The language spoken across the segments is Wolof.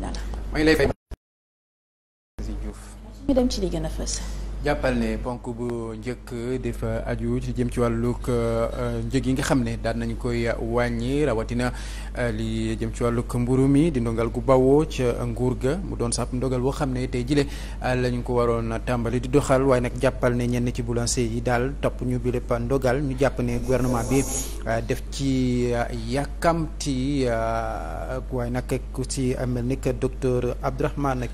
dara. may lay fay. ñu dem ci li gën a fës. jàppal ne ponk bu njëkk dafa aju ci jëm ci wàllug euh, euh, njëg yi nga xam ne daan nañu koy wàññi rawatina euh, li jëm ci wàllug mburu mi di ndogal gu bawoo ca nguur ga mu doon sàpp ndogal boo xam ne tey jile lañu ko waroon tàmbali di doxal waaye nag jàppal ne ñenn ci boulanger yi daal topp ñu bi lépp ndogal ñu jàpp ne gouvernement bi def ci yàkkamti waaye nag ku ci mel ni que docteur Abdourahmane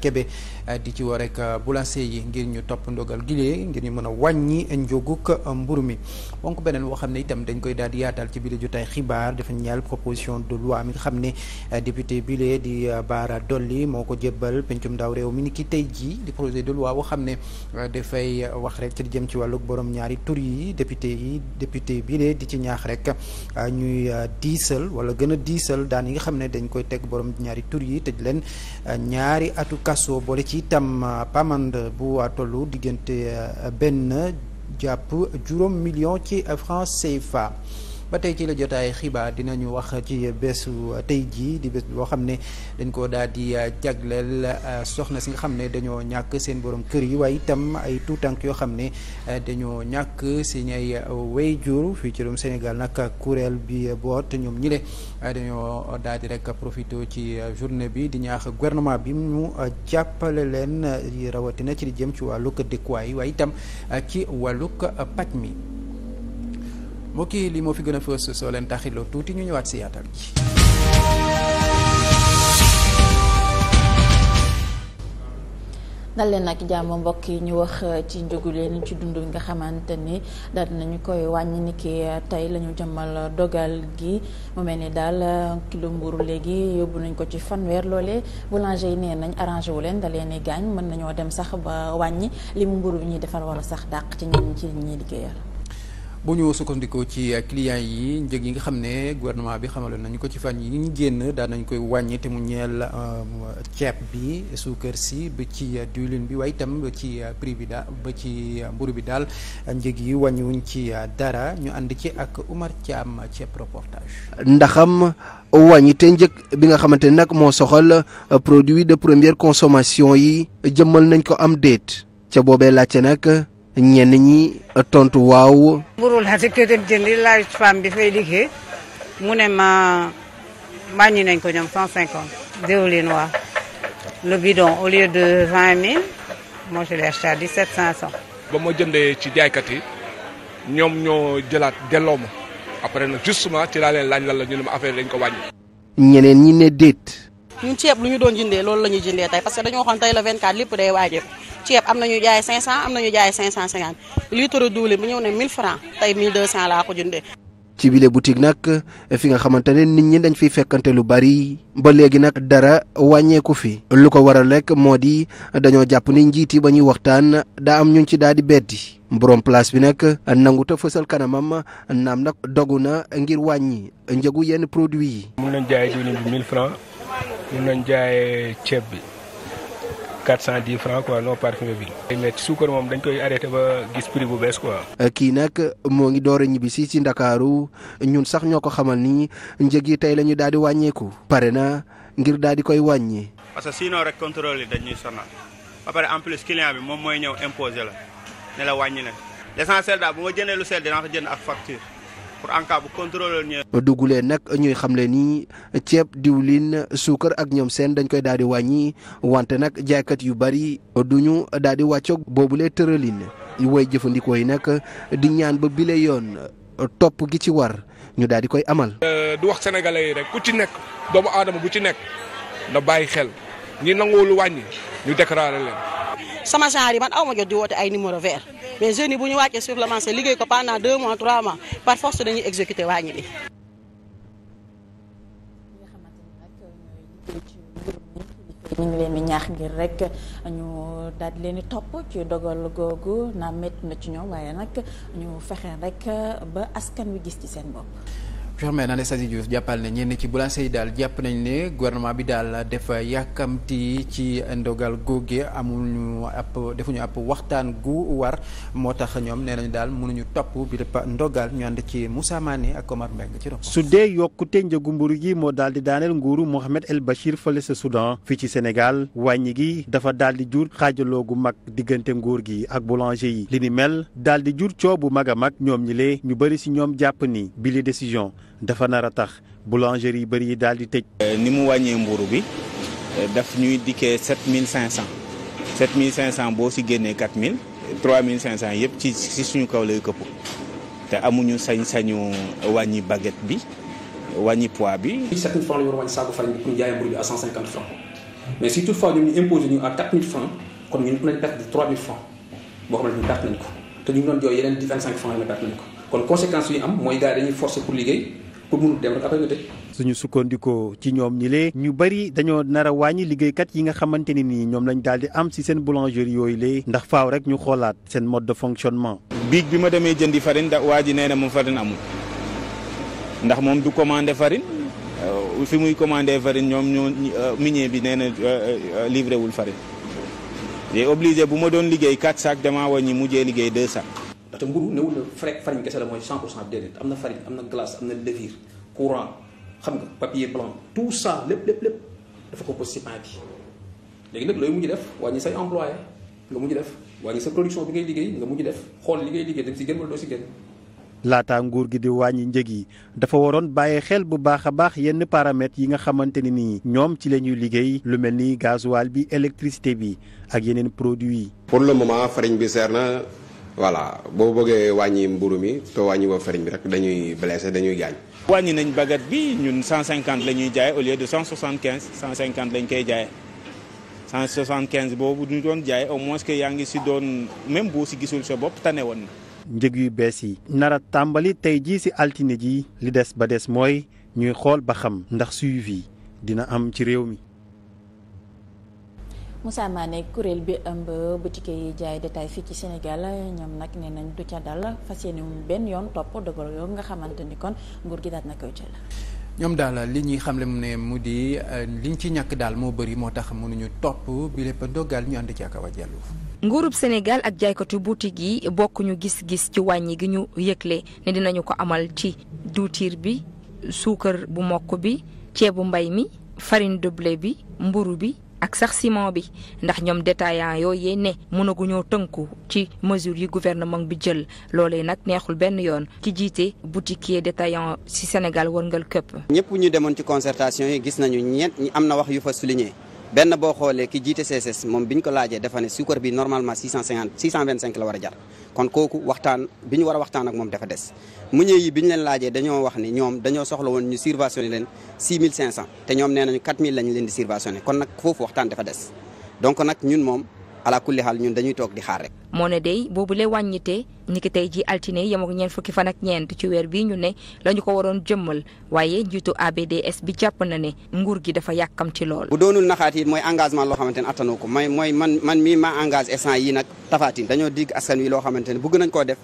Eh, di ci woo rek eh, boulanger yi ngir ñu topp ndogal gilee ngir ñu mën a wàññi njoguk eh, mburu mi donc beneen woo xam ne itam dañ koy daal di yaatal ci biir jotaay xibaar dafa ñaal proposition de loi mi nga xam ne député bile di Bara Dolly moo ko jébbal pencum ndaw réew mi ni ki tey jii di projet de loi boo xam ne dafay wax rek ci di jëm ci wàllu borom ñaari tur yi député yi député bile di ci ñaax rek ñuy diisal wala gën a diisal daan yi nga xam ne dañ koy teg borom ñaari tur yi tëj leen ñaari atu kaso boole ci ci itam euh, pamande bu tollu diggante euh, benn jàpp juróom million ci franc CFA ba tey ci la jotaay xibaar dinañu wax ci bésu tey jii di bés boo xam ne dañ ko daal di jagleel euh, soxna si nga xam ne dañoo ñàkk seen borom kër yi waaye itam ay tuutànk yoo xam ne euh, dañoo ñàkk seen ay wayjur fii ci réewum Sénégal nag kuréel bi boot ñoom ñi le euh, dañoo daal di rek profité ci journée bi di ñaax gouvernement bi mu jàppale leen rawatina ci li jëm ci wàllug dëkkuwaay waaye itam ci wàllug paj mi mbokk yi li moo fi gën a fës soo leen taxiloo tuuti ñu ñëwaat si yaatal ji. dal leen nag jàmm mbokk yi ñu wax uh, ci njëgu leen ci dund bi nga xamante ni daal nañu koy wàññi niki ki uh, tey la jëmmal dogal gi mu mel ni daal uh, kilo mburu léegi yóbbu nañ ko ci fanweer loolee boulanger yi nee nañ arrangé wu leen da leen i gaañ mën nañoo dem sax ba wàññi li mu mburu bi ñuy defar wala sax dàq ci ñi ci ñuy liggéeyal. bu ñu sukkandikoo ci euh, client yi njëg yi nga xam ne gouvernement bi xamaloon nañu ko ci fan yi ñu génn daan nañ koy wàññi te mu ñeel euh, ceeb bi suukar si ba ci diwlin bi waaye itam ba ci euh, prix bi daal ba ci mburu bi daal njëg yi wàññiwuñ ci dara ñu ànd ci ak Oumar Thiam ceeb reportage. ndaxam wàññite njëg bi nga xamante ne nag moo soxal produit de première consommation yi jëmmal nañ ko am déet ca boobe laajte nag. ñenn ñi tontu waaw. burul xati këtam jëndi laaj femme bi fay liggéey mu ne ma wàññi nañ ko ñoom cent cinquante diwlin waa le bidon au lieu de vingt mille moi je l'ai acheté à dix-sept cinq cent. ba ma jëndee ci jaaykat yi ñoom ñoo jëlaat delloo ma après nag justement ci laaleen laaj lan la ñu ne ma affaire ko wàññi. ñeneen ñi ne déet. ñun ceeb lu ñu doon jëndee loolu la ñuy jëndee tey parce que ne 1000 francs tey ci bile boutique nag fi nga xamante ne nit ñi dañ fiy fekkante lu bari ba léegi nag dara wàññeeku fi lu ko waral rek moo di dañoo jàpp ni njiit yi ba ñuy waxtaan daa am ñun ci daal di beddi borom place bi nag nangu te fësal kanamam a naam nag dogu na ngir wàññi njëgu yenn produit yi. mun nañ jaay diwlin bi francs mun nañ jaayee ceeb bi quatre cent di francs quoi non parfumé bi. mais ci suukar moom dañ koy arrêté ba gis prix bu bees quoi. Euh, kii nag moo ngi door a ñibbisi si ndakaaru ñun sax ñoo ko xamal ni njëg yi tey lañu ñu daal di wàññeeku. pare na ngir daal di koy wàññi. parce que sinon rek contrôle yi dañuy sonal ba pare en plus client bi moom mooy ñëw imposé la ne la wàññi na l'essentiel daal bu ma jëndee lu sedd dinaa ko jënd ak facture. pour en cas bu contrôler ñëw. dugulee nag ñuy xamle ni ceeb diwlin suukar ak ñoom seen dañ koy daal di wàññi wante nag jaaykat yu bari duñu daal di wàccoog boobulee tëralin woy jëfandikoo yi nag di ñaan ba bile yoon topp gi ci war ñu daal di koy amal. Euh, du wax sénégalais yi rek ku ci nekk doomu aadama bu ci nekk na bàyyi xel ñi nanguwul wàññi ñu déclaré leen. sama genre yi man aw ma jot di woote ay numéro vert. mais jeunes bu ñu wàccee sur le marché liggéey ko pendant deux mois trois mois par force dañuy exécuter wàññi bi. ñu ngi leen di ñaax ngir rek ñu daal leen di topp ci dogal googu naa métti na ci ñoom waaye nag ñu fexee rek ba askan wi gis ci seen bopp. permet naa ne Sadi Diouf jàppal ne ñenn ci boulanger daal jàpp nañ ne gouvernement bi daal dafa yàkkamti ci ndogal googe amuñu ab defuñu ab waxtaan gu war moo tax ñoom nee nañu daal mënuñu topp bi dafa ndogal ñu ci Moussa Mané ak Omar Mbengue ci su dee yokkute njëgu mburu gi moo daal di daaneel nguuru Mohamed El Bachir fële sa Soudan fii ci Sénégal wàññi gi dafa daal di jur xaajaloo gu mag diggante nguur gi ak boulanger yi li ni mel daal di jur coow bu mag a mag ñoom ñi lee ñu bëri si ñoom jàpp ni bi li décision dafa nar a tax boulangerie yu bëri yi daal di tëj. Euh, ni mu wàññee mburu bi euh, daf ñuy dikkee 7500 7500 boo si génnee 4000 3500 yëpp ci ci suñu kaw lay këpp te amuñu sañ-sañu wàññi baguette bi wàññi poids bi. 7000 francs la ñu war a wàññi saako farine bi pour ñu jaayee mburu bi à 150 francs mais si toutefois ñoom ñu imposé ñu à 4000 francs kon ñun mën nañ perte de 3000 francs boo xam ne ñu perte nañ ko te ñu ngi doon jooy yeneen di 25 francs yi la perte nañ ko kon conséquences yi am mooy gars yi dañuy forcer pour liggéey. pour suñu sukkandikoo ci ñoom ñi lee ñu bëri dañoo nara wàññi liggéeykat yi nga xamante ni nii ñoom lañ daal di am si seen boulangerie yooyu lee ndax faaw rek ñu xoolaat seen mode de fonctionnement biig bi ma demee jëndi farine da waa ji nee na moom farine amul ndax moom du commandé farine euh, fi muy commander farine ñoom ñoo euh, minier bi nee na euh, livré wul farine j'ai obligé bu ma doon liggéey 4 sacs damaa wàññi mujjee liggéey 2 sacs ndaxte mburu newul na frais farine kese la mooy 100 pour cent déedéet am na farine am na glace am na levure courant xam nga papier blanc tout ça lépp lépp lépp dafa ko posé si pain bi léegi nag looy mujj def wàññi say employé nga mujj def wàññi sa production bi ngay liggéey nga mujj def xool li ngay liggéey si gën si laataa nguur gi di wàññi njëg yi dafa waroon bàyyi xel bu baax a baax yenn paramètres yi nga xamante ne nii ñoom ci la ñuy liggéey lu mel ni gasoil bi électricité bi ak yeneen produits yi. pour le moment farine bi na voilà boo bëggee wàññi mburu mi te wàññi woo farine bi rek dañuy blessé dañuy gaañ. wàññi nañ baguette bi ñun 150 la ñuy jaayee au lieu de 175 150 lañ koy jaayee 175 boobu ñu doon jaayee au moins que yaa ngi si doon même boo si gisul sa bopp tane woon na. njëg yu bees yi nara tàmbali tey jii ci altine ji li des ba des mooy ñuy xool ba xam ndax suivi dina am ci réew mi Moussa Mané kuréel bi ëmb boutique yi jaay détail fii ci Sénégal ñoom nag nee nañ du ca dal fas yéene benn yoon topp dogal yoo nga xamante ni kon nguur gi daat na koy jël. ñoom daal li ñuy xamle mu ne mu di li liñ ci ñàkk daal moo bari moo tax mënuñu topp bi lépp ndogal ñu ànd ci ak nguurub Sénégal ak jaaykatu boutique yi bokkuñu gis-gis ci wàññi gi ñu yëgle ne dinañu ko amal ci duutiir bi suukar bu mokk bi ceebu mbay mi farine de blé bi mburu bi. ak sax ciment bi ndax ñoom détaillant yooyu ne mënaguñoo tënku ci mesures yi gouvernement bi jël loolee nag neexul benn yoon ci jiite boutiquier détaillant ci Sénégal wërngal këpp. ñëpp ñu demoon ci concertation yi gis nañu ñett am na wax yu fa souligné benn boo xoolee ki jiite CSS moom bi ñu ko laajee dafa ne suukar bi normalement la war a jar kon kooku waxtaan bi ñu war a waxtaan ak moom dafa des meunier yi bi ñu leen laajee dañoo wax ni ñoom dañoo soxla woon ñu subventionné leen te ñoom nee nañu 4000 leen di subventionné kon nag foofu waxtaan dafa des donc nag ñun moom ala kulli xaal ñun dañuy toog di xaar rek. moo ne day boobu lay wàññite ni tey ji altine yem ak ñeent fukki fan ak ñeent ci weer bii ñu ne lañu ko waroon jëmmal waaye njiitu ABDS bi jàpp na ne nguur gi dafa yàkkam ci lool. bu doonul naxaat mooy engagement loo xamante ne attanoo ko mooy mooy man man mii maa engage instant yi nag tafaatin dañoo digg askan wi loo xamante ne bëgg nañ koo def.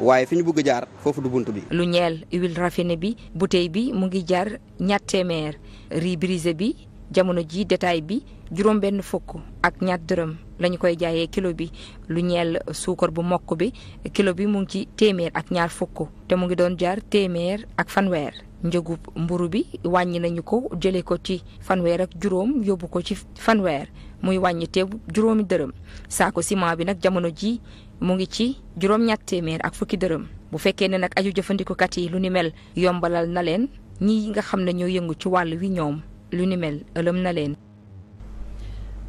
waaye fi ñu bëgg jaar foofu du bunt bi. lu ñeel huile raffinée bi bouteille bi mu ngi jar ñatt téeméer riz bi jamono ji détail bi juróom benn fukk ak ñatt dërëm. lañu koy jaayee kilo bi lu ñeel suukar bu mokk bi kilo bi mu ngi ci téeméer ak ñaar fukk te mu ngi doon jaar téeméer ak fanweer njëgu mburu bi wàññi nañu ko jëlee ko ci fanweer ak juróom yóbbu ko ci fanweer muy wàññi te juróomi dërëm saako ciment bi nag jamono ji mu ngi ci juróom-ñett téeméer ak fukki dërëm bu fekkee ne nag aju jëfandikukat yi lu ni mel yombalal na leen ñi nga xam ne ñoo yëngu ci wàll wi ñoom lu ni mel ëlëm na leen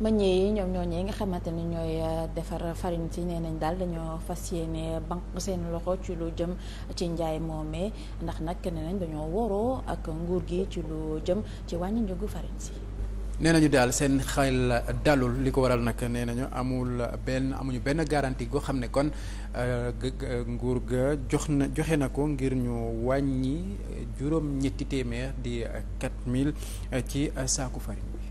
meññe yi ñoom ñooñee nga xamante ni ñooy euh, defar farine si nee nañ daal dañoo fas yéene banque seen loxo ci lu jëm ci njaay moomee ndax nag nee nañ dañoo woroo ak nguur gi ci jëm ci wàññi njëgu farine si. nee nañu daal seen xel dalul li ko waral nag nee nañu amul benn amuñu benn garanti goo xam ne kon euh, nguur ga jox na joxe na ko ngir ñu wàññi juróom-ñetti téeméer di quatre mille ci saaku farine.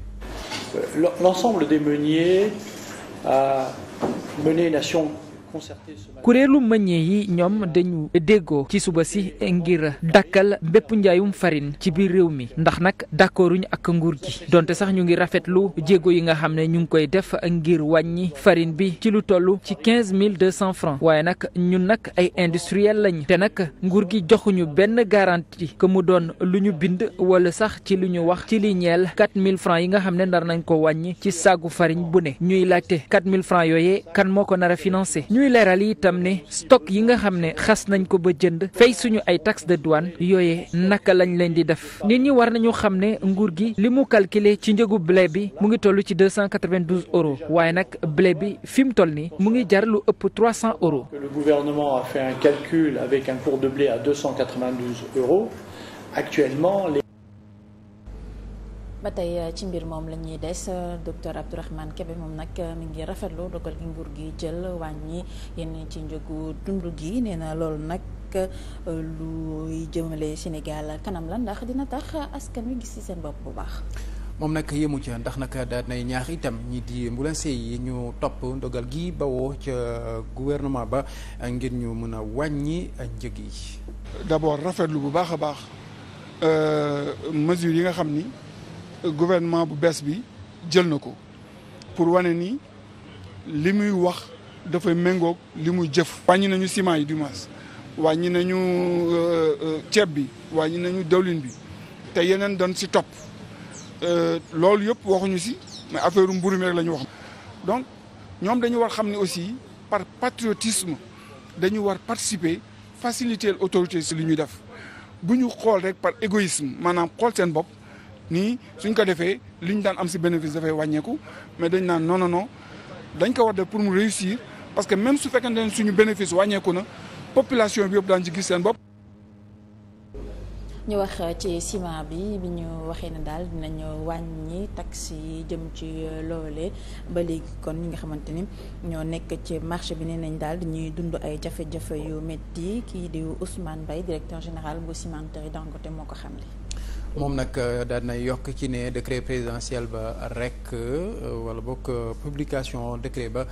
L'ensemble des meuniers a mené une action concertée. kuréelu meññee yi ñoom dañu déggoo ci suba si ngir dakkal bépp njaayum farine ci biir réew mi ndax nag d'accorduñu ak nguur gi donte sax ñu ngi rafetlu jéego yi nga xam ne ñu ngi koy def ak ngir wàññi farine bi ci lu toll ci quinze mille deux cent francs waaye nag ñun nag ay industriel lañ te nag nguur gi joxuñu benn garantie que mu doon lu ñu bind wala sax ci lu ñu wax ci li ñeel quatre mille francs yi nga xam ne ndar nañ ko wàññi ci saagu farine bu ne ñuy laajte quatre mille francs yooyee kan moo ko nar a xam yi nga xam ne xas nañ ko ba jënd fay ay taxe de douane yooyee naka lañ leen di def nit ñi war nañu xam ne nguur gi li mu calculer ci njëgu blé bi mu ngi toll ci 292 euros waaye nag blé bi fi mu toll nii mu ngi jar lu ëpp 300 euros. Le gouvernement a fait un calcul avec un cours de blé à ba tey euh, ci mbir moom la ñuy des euh, docteur Abdourahmane Kébé moom nag euh, mi ngi rafetlu dogal gi nguur gi jël wàññi yenn ci njëgu dund gi nee na loolu nag luy jëmale Sénégal kanam la ndax dina tax askan wi gis ci seen bopp bu baax. moom nag yemu ca ndax nag daan nay ñaax itam ñi di ambulancier yi ñu topp ndogal gi bawoo ca gouvernement ba ngir ñu mën a wàññi njëg yi. d'abord rafetlu bu baax a baax mesures yi nga xam ni. gouvernement bu bees bi jël na ko pour wane ni li muy wax dafay méngoog li muy jëf. wàññi nañu ciment yi du moins wàññi nañu euh, euh, ceeb bi wàññi nañu dawlin bi te yeneen doon si topp euh, loolu yëpp waxuñu si mais affaire mburu mi rek la ñu wax. donc ñoom dañu war xam ni aussi par patriotisme dañu war participer faciliter autorité si lu ñuy def bu ñu xool rek par égoïsme maanaam xool seen bopp. nii suñ ko defee liñ daan am si bénéfice dafay wàññeeku mais dañ naan non non non dañ ko war def pour mu réussir parce que même su fekkente ne suñu bénéfice wàññeeku na population bi yëpp daan ci gis seen bopp. ñu wax euh, ci ciment bi bi ñu waxee na daal dinañu wàññi taxes yi jëm ci euh, loole ba léegi kon ñi nga xamante ni ñoo nekk ci marché bi nee nañ daal dañuy dund ay jafe-jafe yu métti kii di Ousmane Mbaye directeur général bu cimenterie Dangote moo ko xamle. moom nag euh, daan na yokk ci ne décret présidentiel ba rek euh, wala bokk euh, publication décret ba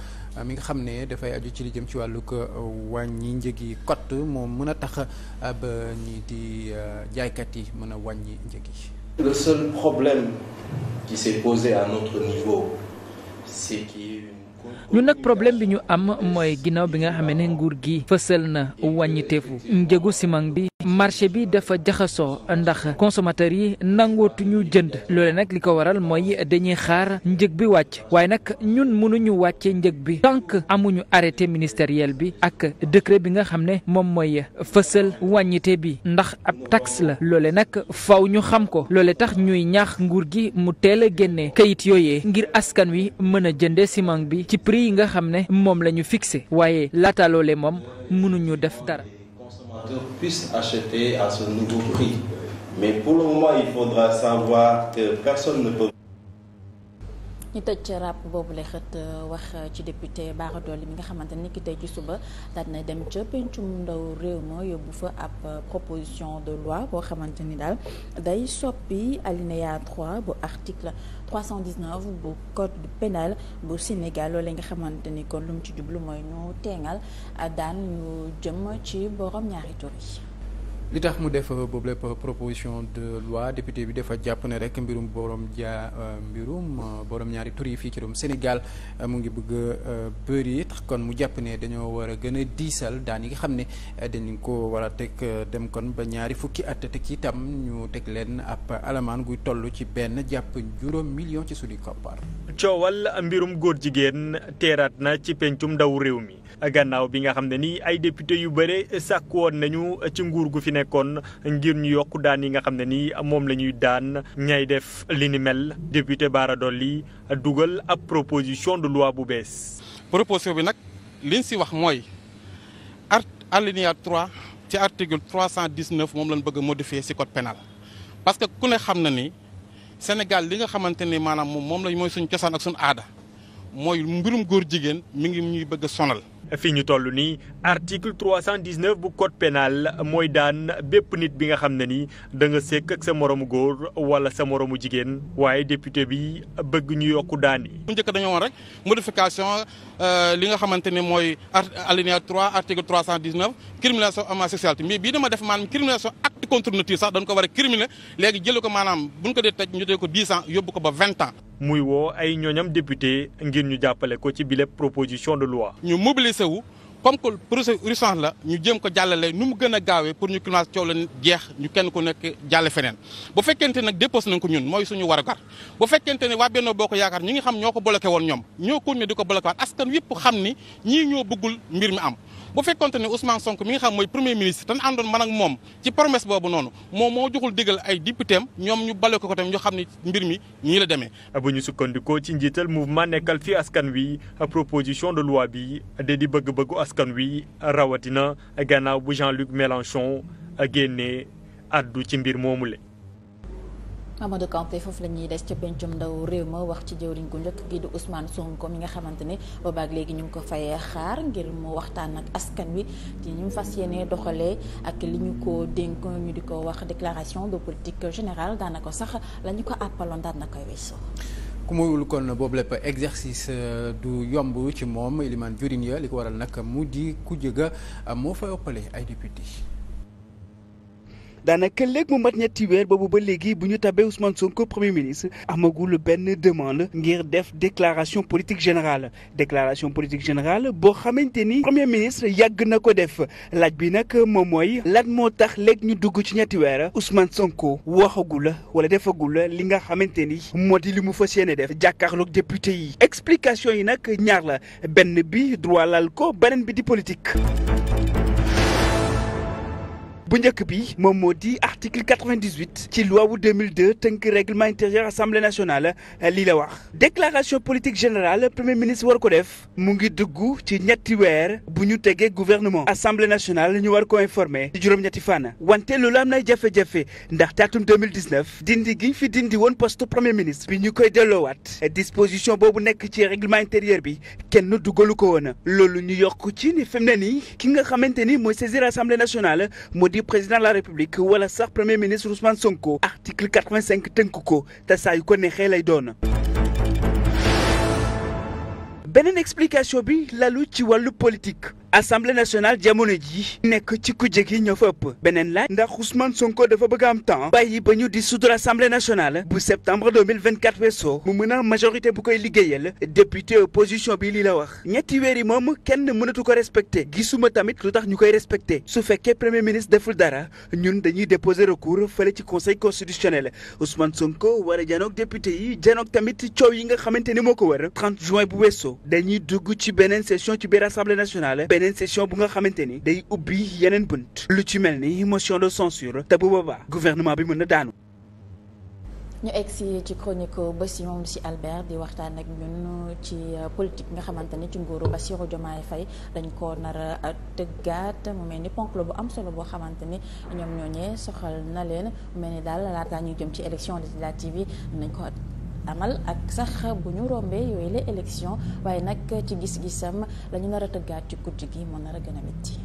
mi nga xam ne dafay aju ci li jëm ci wàllug wàññi njëgi kot moom mën a tax ba ñii di jaaykat yi mën a wàññi njëg yi. Le ñun nag problème bi ñu am mooy ginnaaw bi nga xam ne nguur gi fësal na wàññiteefu njëgu simang bi marché bi dafa jaxasoo ndax consommateurs yi nangootuñu jënd loole nag li ko waral mooy dañuy xaar njëg bi wàcc waaye nag ñun mënuñu wàcce njëg bi tant amuñu arrêté ministériel bi ak décret bi nga xam ne moom mooy fësal wàññite bi ndax ab taxe la loole nag faw ñu xam ko loole tax ñuy ñaax nguur gi mu teel a génne kayit yooye ngir askan wi mën a jënde ciment bi ci prix yi nga xam ne moom la ñu fixé waaye laata moom mënuñu def dara consommateurs puissent acheter à ce nouveau prix. Mais pour le moment, il faudra savoir que personne ne peut ñu tëj rap boobu lay xët euh, wax euh, ci député Bara Dolly mi nga xamante ni ki tey ci suba daal na dem ca pencum ndaw réew ma yóbbu fa ab euh, proposition de loi boo xamante ni daal day soppi alinéa 3 bu article 319 bu code pénal bu Sénégal yi nga xamante ni kon lum ci jublu mooy ñu teengal daan ñu jëm ci borom ñaari tur li tax mu def euh, boobu lépp euh, proposition de loi député bi dafa jàpp ne rek mbirum borom jaa euh, mbirum borom ñaari tur yi fii ci réewum Sénégal mu ngi bëgg a bëri kon mu jàpp ne dañoo war a gën a diisal daan yi nga xam ne dañu ko war a teg dem kon ba ñaari fukki at teg ci itam ñu teg leen ab alamaan guy toll ci benn jàpp juróom million ci suñu koppar. coowal mbirum góor jigéen teeraat na ci pencum ndaw réew mi. gannaaw bi nga xam ne ni ay député yu bëre sàkk woon nañu ci nguur gu fi nekkoon ngir ñu yokk daan yi nga xam ne ni moom la ñuy daan ñay def li ni mel député Bara Dolly dugal ab proposition de loi bu bees. proposition bi nag liñ si wax mooy art alinéa 3 ci article 319 moom lañ bëgg a modifier si code pénal parce que ku ne xam na ni. senegal li nga xamante ni maanaam moom moom la mooy suñu cosaan ak suñu aada mooy mbirum góor jigéen mi ngi ñuy bëgg a sonal fii ñu toll nii article 319 bu code pénal mooy daan bépp nit bi nga xam ne nii da nga sekk ak sa moromu góor wala sa moromu jigéen waaye député bi bëgg ñu yokku daan mu bu njëkk dañoo woon rek modification euh, li nga xamante ni mooy alinéa 3 article 319 criminalisation homosexualité mais bii dama def maanaam criminalisation acte contre nature sax dañ ko war a criminaliser léegi jële ko maanaam bu ñu ko dee tëj ñu dee ko 10 ans yóbbu ko ba vingt ans. muy woo ay ñooñam député ngir ñu jàppale ko ci bile proposition de loi. ñu mobiliser wu comme que projet urgence la ñu jëm ko jàllale nu mu gën a gaawee pour ñu climat coow la jeex ñu kenn ku nekk jàll feneen bu fekkente nag déposé nañ ko ñun mooy suñu warugar bu fekkente ne waa Benno Bokk Yaakaar ñu ngi xam ñoo ko bloqué woon ñoom ñoo continué di ko bloqué waat askan yëpp xam ni ñii ñoo bëggul mbir mi am. bu fekkonte ne Ousmane Sonko mi ngi xam mooy premier ministre tan àndoon man ak moom ci promesse boobu noonu moom moo joxul digal ay députéem ñoom ñu bale ko ko tam ñu xam ni mbir mi ñii la demee bu ñu sukkandikoo ci njiital mouvement nekkal fii askan wi proposition de loi bi de di bëgg-bëggu askan wi rawatina gannaaw bu Jean-Luc Mélenchon génne addu ci mbir moomule Mamadou Kanté foofu la ñuy des ca pencum ndaw réew ma wax ci jëwriñ gu njëkk gi di Ousmane Sonko mi nga xamante ne boobaak léegi ñu ngi ko fay xaar ngir mu waxtaan ak askan wi ci ñu fas yéene doxalee ak li ñu ko dénk di ko wax déclaration de politique générale daanaka sax lañu ko àppaloon daan na koy weesoo. ku muyul kon boobu lépp exercice euh, du yomb ci moom Elimane Diourine ya li ko waral nag mu di ku jëga euh, moo fay ëppale ay député daanaka léeg mu mat ñetti weer boobu ba léegi bu ñu tabee Ousmane Sonko premier ministre amagul benn demande ngir def déclaration politique générale déclaration politique général boo xamante ni premier ministre yàgg na ko def laaj bi nag moom mooy lan moo tax léeg ñu dugg ci ñetti weer Ousmane Sonko waxagul wala defagul li nga xamante ni moo di li mu fa yéene def jàkkaarloog député yi explication yi nag ñaar la benn bi droit lal ko beneen bi di politique. bu njëkk bi moom moo di article 98 ci loi wu 2002 tënk règlement intérieur assemblée nationale eh, lii wax déclaration politique générale premier ministre war ko def mu ngi dugg ci ñetti weer bu ñu tegee gouvernement assemblée nationale ñu war ko informer ci juróom-ñetti fànn wante loolu am nay jafe-jafe ndax a 2019 dindi gi ñu fi dindi woon poste premier ministre bi ñu koy delloowaat eh, disposition boobu nekk ci règlement intérieur bi kenn dugalu ko woon loolu ñu yokk ni fi mu ne nii ki nga xamante ni mooy saisir assemblée nationale moo di di président de la république wala sax premier ministre Ousmane Sonko article 85 tënk ko te saa yu ko neexee lay doon. beneen explication bi lalu ci wàllu politique. assemblée nationale jamono ji nekk ci kujje gi ñoo fa ëpp beneen la ndax Ousmane Sonko dafa bëgg am temps bàyyi ba ñu di sudur assemblée nationale bu septembre 2024 weesoo mu mën a majorité bu koy liggéeyal député opposition bi lii la wax ñetti weer yi moom kenn mënatu ko respecté gisuma tamit lu tax ñu koy respecté su fekkee premier ministre deful dara ñun dañuy déposer recours fële ci conseil constitutionnel Ousmane Sonko war a janoog député yi janoog tamit coow yi nga xamante ni moo ko wër 30 juin bu weesoo dañuy dugg ci beneen session ci biir assemblée nationale beneen session bu nga xamante ni day ubbi yeneen bunt lu ci mel ni motion de censure te bu boobaa gouvernement bi mën na daanu ñu egg si ci chronique Bassi moom si Albert di waxtaan ak ñun ci euh, politique nga xamante ni ci nguuru Bassirou Diomaye fay dañ ko nar a tëggaat mu mel ni ponk la bu am solo boo xamante ni ñoom ñooñee soxal na leen mu mel ni daal laataa ñuy jëm ci élection législative yi nañ ko amal ak sax bu ñu rombee yooyu la élection waaye nag ci gis-gisam la ñu a tëggaat ci guddi gi moo nar gën a métti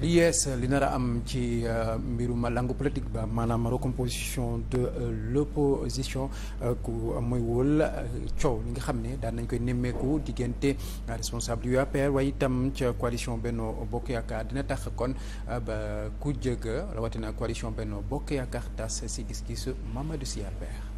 li yees li nar a am ci euh, mbiruma langue politique ba maanaam recomposition de euh, l'opposition euh, ku mooy wóol coow li nga xam ne daan nañ koy nemmeeku diggante responsable yu APR waaye itam ca coalition Benno Bokk Yaakaar dina tax kon ba ku jëga rawatina coalition Benno Bokk Yaakaar tas si gis-gisu Mamadou Sy APR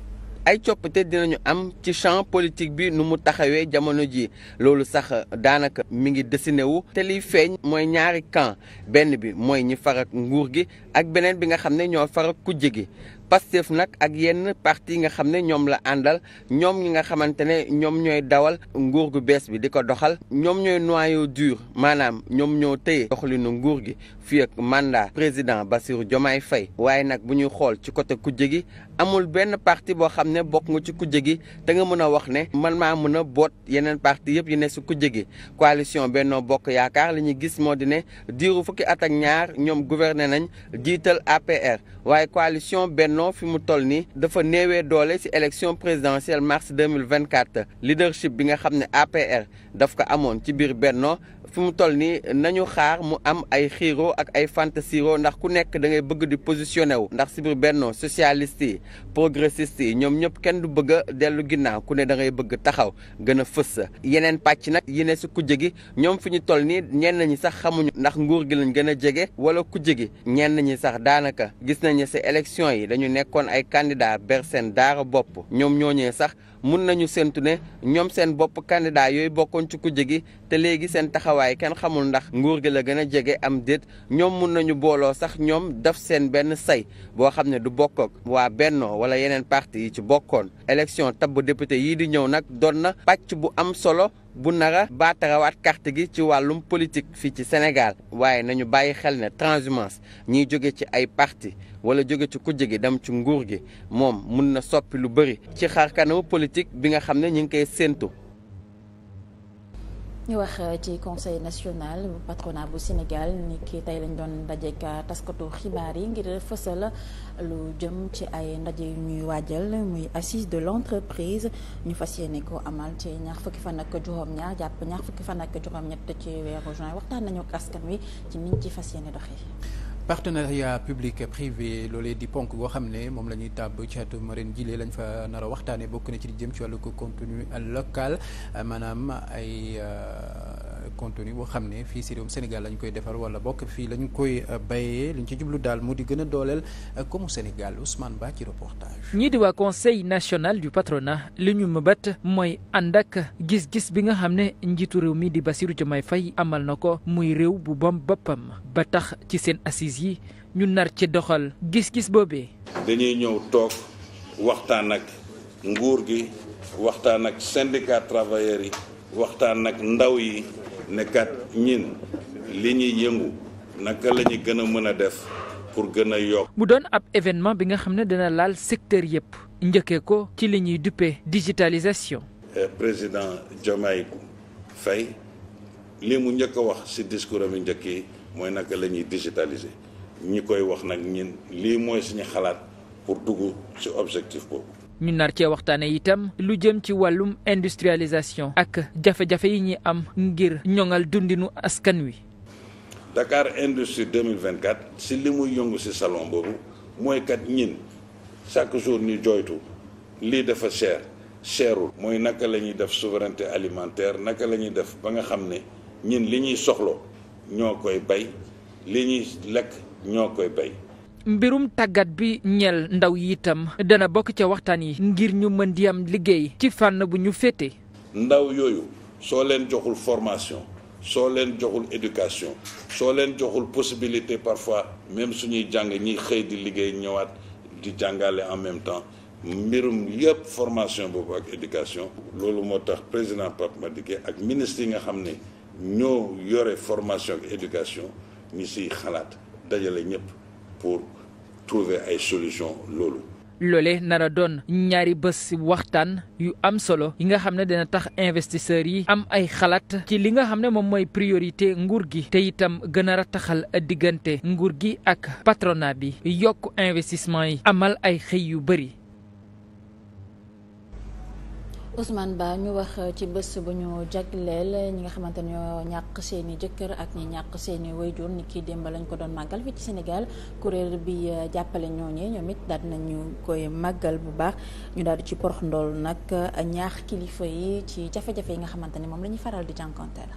ay coppite dinañu am ci champ politique bi nu mu taxawee jamono ji loolu sax daanaka mi ngi dessiné wu te liy feeñ mooy ñaari kan benn bi mooy ñi farak nguur gi ak beneen bi nga xam ne ñoo farak kujje gi Pastef nag ak yenn parti yi nga xam ne ñoom la àndal ñoom ñi nga xamante ne ñoom ñooy dawal nguur gu bees bi di ko doxal ñoom ñooy noyau dur maanaam ñoom ñoo téye doxalinu nguur gi fii ak mandat président Bassirou Diomaye Faye waaye nag bu ñuy xool ci côté kujje gi amul benn parti boo xam ne bokk nga ci kujje gi te nga mën a wax ne man maa mën a boot yeneen parti yëpp yi ne si kujje gi coalition Benno Bokk Yaakaar li ñu gis moo di ne diiru fukki at ak ñaar ñoom gouverner nañ jiital APR waaye coalition Benno fi mu toll nii dafa néewee doole si élection présidentielle mars 2024 leadership bi nga xam ne APR daf ko amoon ci biir Benno fi mu toll nii nañu xaar mu am ay xiiro ak ay fantasiro ndax ku nekk da ngay bëgg di positionné wu ndax si biir benno socialiste yi progressiste yi ñoom ñëpp kenn du bëgg a dellu ginnaaw ku ne da bëgg taxaw gën a fës yeneen pàcc nag yi ne si kujje gi ñoom fi ñu toll nii ñenn ñi sax xamuñu ndax nguur gi lañ gën a jege wala kujje gi ñenn ñi sax daanaka gis nañu si élection yi dañu nekkoon ay candidat ber seen daara bopp ñoom ñooñee sax mun nañu séntu ne ñoom seen bopp candidat yooyu bokkoon ci kujje gi te léegi seen taxawaay kenn xamul ndax nguur gi la gën a jege am déet ñoom mun nañu booloo sax ñoom def seen benn say boo xam ne du bokk ak waa Bennoo wala yeneen parti yi ci bokkoon élection tabb député yii di ñëw nag doon na pàcc bu am solo bu nara baatarawaat carte gi ci wàllum politique fii ci Sénégal waaye nañu bàyyi xel ne transhumance ñiy jóge ci ay parti wala jóge ci kujje gi dem ci nguur gi moom mun na soppi lu bëri ci xaar kanamu politique bi nga xam ne ñu ngi koy séentu. ñu wax euh, ci conseil national bu patronat bu Sénégal ni ki tey lañ doon dajeek euh, taskatu xibaar yi ngir fësal lu jëm ci ay ndaje yu ñuy waajal muy assise de l'entreprise ñu fas yéene ko amal ci ñaax fukki fan ak juróom jàpp ñaar fukki fan ak juróom-ñett ci weeru juin waxtaan nañu ak wi ci niñ ci fas yéene doxee. partenariat public privé loolee di ponk boo xam ne moom la ñuy tàbb ci atum ren jile lañ fa nar a waxtaanee bokk na ci di jëm ci wàllu contenu local maanaam ay. Euh, contenu boo xam ne fii si réewum Sénégal lañu koy defar wala bokk fii lañ koy euh, bayee liñ ci jublu daal mu di gën a dooleel comme euh, Sénégal Ousmane Ba ci reportage. ñii di waa conseil national du patronat li ñu mëbët mooy ànd ak gis-gis bi nga xam ne njiitu réew mi di basiru Bassirou Diomaye Faye amal na ko muy réew bu bom boppam ba tax ci seen assises yi ñu nar ci doxal gis-gis boobee. dañuy ñëw toog waxtaan ak nguur gi waxtaan ak syndicat travailleurs yi waxtaan yi ne kat ñin li ñuy yëngu naka la ñu gën a mën a def pour gën a yokk. mu doon ab événement bi nga xam ne dina laal secteur yëpp njëkkee ko ci li ñuy duppee digitalisation. Eh, président Diomaye Faye li mu njëkk wax si discours am yu njëkk yi mooy naka la ñuy digitaliser ñi koy wax nag ñin lii mooy suñu xalaat pour dugg si objectif boobu. ñu nar cee waxtaane itam lu jëm ci wàllum industrialisation ak jafe-jafe yi ñuy am ngir ñoŋal dundinu askan wi. Dakar Industrie 2024 si li muy yëngu si salon boobu mooy kat ñin chaque jour ñu jooytu lii dafa cher cherul. mooy naka la ñuy def souveraineté alimentaire naka la ñuy def ba nga xam ne ñin li ñuy soxloo ñoo koy bay li ñuy lekk ñoo koy bay. mbirum tàggat bi ñeel ndaw yi itam dana bokk ca waxtaan yi ngir ñu mën di am liggéey ci fànn bu ñu féete. ndaw yooyu soo leen joxul formation soo leen joxul éducation soo leen joxul possibilité parfois même suñuy jàng ñi xëy di liggéey ñëwaat di jàngale en même temps mbirum yëpp formation boobu ak éducation. loolu moo tax président ma Madické ak ministre yi nga xam ne ñoo yore formation ak éducation ñu si xalaat dajale ñëpp pour. trouver ay solution loole nara doon ñaari bés waxtaan yu am solo yi nga xam ne dina tax investisseurs yi am ay xalaat ci li nga xam ne moom mooy priorité nguur gi te itam gën a rataxal diggante nguur gi ak patronat bi yokk investissement yi amal ay xëy yu bëri Ousmane Ba ñu wax euh, ci bés bu ñu jagleel ñi nga xamante ne ñoo ñàkk seeni jëkkër ak ñi ñàkk seeni i wayjur ni ki démb lañ ko doon màggal fii ci senegal kuréel bi euh, jàppale ñooñee ñoom it daal nañu koy màggal bu baax ñu daal di ci porox ndool nag ñaax kilifa yi ci jafe-jafe yi nga xamante ne moom lañuy faral di jànkonteel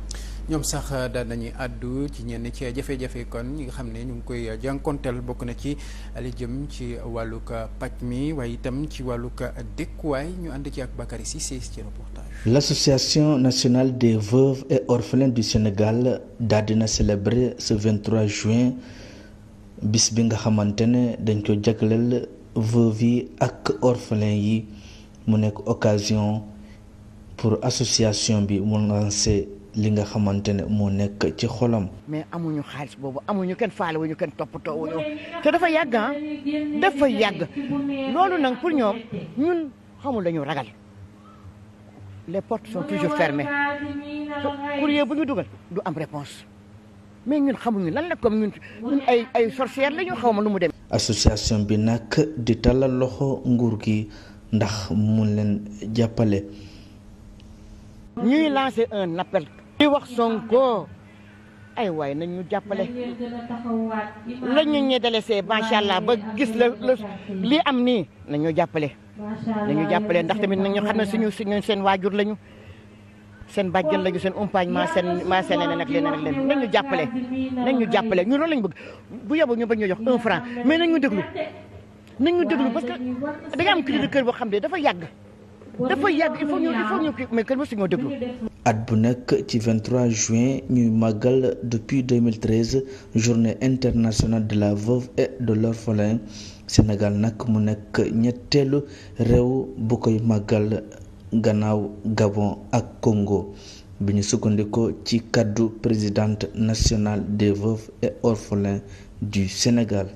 ñoom sax daal nañuy àddu ci ñenn ci jafe-jafe kon ñi nga xam ne ñu ngi koy jànkonteel bokk na ci li jëm ci wàllug paj mi waaye itam ci wàllug dëkkuwaay ñu ànd ci ak Bakary Cissé ci reportage. l'association nationale des veuves et orphelins du Sénégal daal dina célébrer ce 23 juin bis bi nga xamante ne dañ ko jagleel veuves yi ak orphelins yi mu nekk occasion pour association bi mu lancer. li nga xamante ne moo nekk ci xolam. mais amuñu xaalis boobu amuñu kenn faale ñu kenn toppatoo wuñu te dafa yàgg ah dafa yàgg loolu nag pour ñoom ñun xamul dañu ragal les portes sont toujours dugal du am réponse mais ñun xamuñu lan la comme ñun ay ay sorcières la xaw ma lu mu dem. association bi nag di tàllal loxo nguur ki ndax mu leen jàppale. ñuy lancer un appel. di wax Sonko ay waay nañ ñu jàppale la ñu ñu délaissé macha allah ba gis la li am nii nañ ñu jàppale. nañu jàppale ndax tamit nañu xam ne suñu suñu seen waajur lañu seen bàjjen lañu seen umpaañ seen ma seen leneen ak leneen ak leneen nañu jàppale. nañu jàppale ñu loolu lañu bëgg bu yóbbu ñu bañ ñu jox un franc mais nañu déglu nañu déglu parce que da nga am crédit kër boo xam ne dafa yàgg. dafa yàgg il faut ñu il faut ñu mais kër ba suñoo déglu. at bu nekk ci 23 juin ñuy màggal depuis 2013 journée internationale de la veuve et de l'orphelin Sénégal nag mu nekk ñetteelu réew bu koy màggal gannaaw Gabon ak Congo bi ñu sukkandikoo ci kàddu présidente nationale de veuves et orphelins du Sénégal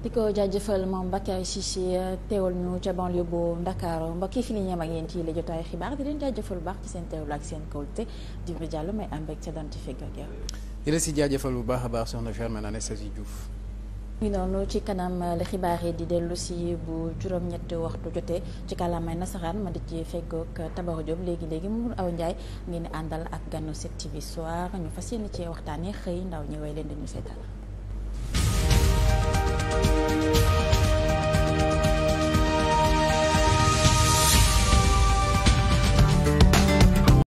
di ko jaajëfal moom si Cissé teewal ñu ca banlieue bu ndakaaroo mbokk yi fi la ñu yem ci la jotaayu xibaar di leen jaajëfal bu baax ci seen teewlu ak seen kóolute di ko may am rek ca daan fekk ak yow. di la si baax a baax soxna Germaine Anastasie Diouf. ñu ngi noonu ci kanam la xibaar yi di dellu si bu juróom-ñetti waxtu jotee ci kàllaamay nasaraan ma di ci feggoog Tabara Diop léegi léegi mu aw Ndiaye ngeen àndal ak ganu 7TV soir ñu fas yéene ci waxtaanee xëy ndaw ñi way leen di ñu seetaan.